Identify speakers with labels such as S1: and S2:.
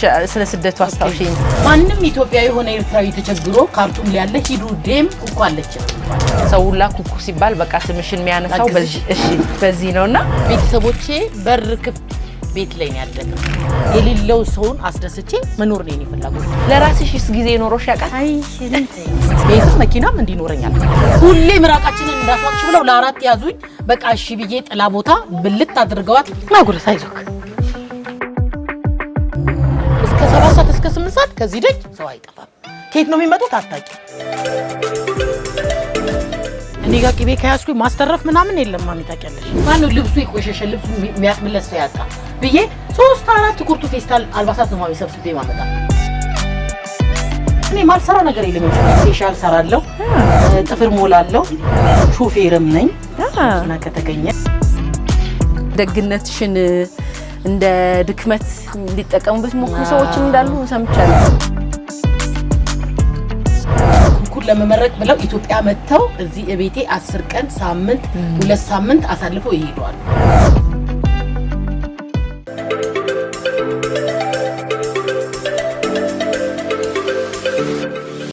S1: ትንሽ ስለ ስደቱ አስታውሽኝ።
S2: ማንም ኢትዮጵያ የሆነ ኤርትራዊ ተቸግሮ ካርቱም ሊያለ ሂዱ ዴም ኩኩ አለች።
S1: ሰውላ ኩኩ ሲባል በቃ ስምሽን የሚያነሳው በዚህ ነው እና
S2: ቤተሰቦቼ በር ክፍት ቤት ላይ ነው ያለነው። የሌለው ሰውን አስደስቼ መኖር ነው የኔ ፍላጎት።
S1: ለራስሽስ ጊዜ ኖሮሽ ያውቃል? ቤትም መኪናም እንዲኖረኛል።
S2: ሁሌ ምራቃችንን እንዳስዋቅሽ ብለው ለአራት ያዙኝ። በቃ እሺ ብዬ ጥላ ቦታ ብልት አድርገዋት ናጉረስ አይዞክ ከዚህ ደጅ ሰው አይጠፋም። ከየት ነው የሚመጡት አታውቂም።
S1: እኔ ጋር ቅቤ ከያዝኩኝ ማስተረፍ ምናምን የለም። ማሚ ታውቂያለሽ፣
S2: ማነው ልብሱ የቆሸሸ ልብሱ የሚያጥብለት ሰው ያጣ ብዬ ሶስት አራት ኩርቱ ፌስታል አልባሳት ነው ማሚ ሰብስቤ ማመጣ እኔ ማልሰራ ነገር የለም። ፌሻል ሰራለሁ፣ ጥፍር ሞላለሁ፣ ሾፌርም ነኝ። ከተገኘ
S1: ደግነትሽን እንደ ድክመት ሊጠቀሙበት ሞክሩ ሰዎችም እንዳሉ ሰምቻለሁ።
S2: ለመመረቅ ብለው ኢትዮጵያ መጥተው እዚህ እቤቴ አስር ቀን ሳምንት፣ ሁለት ሳምንት አሳልፈው ይሄደዋል።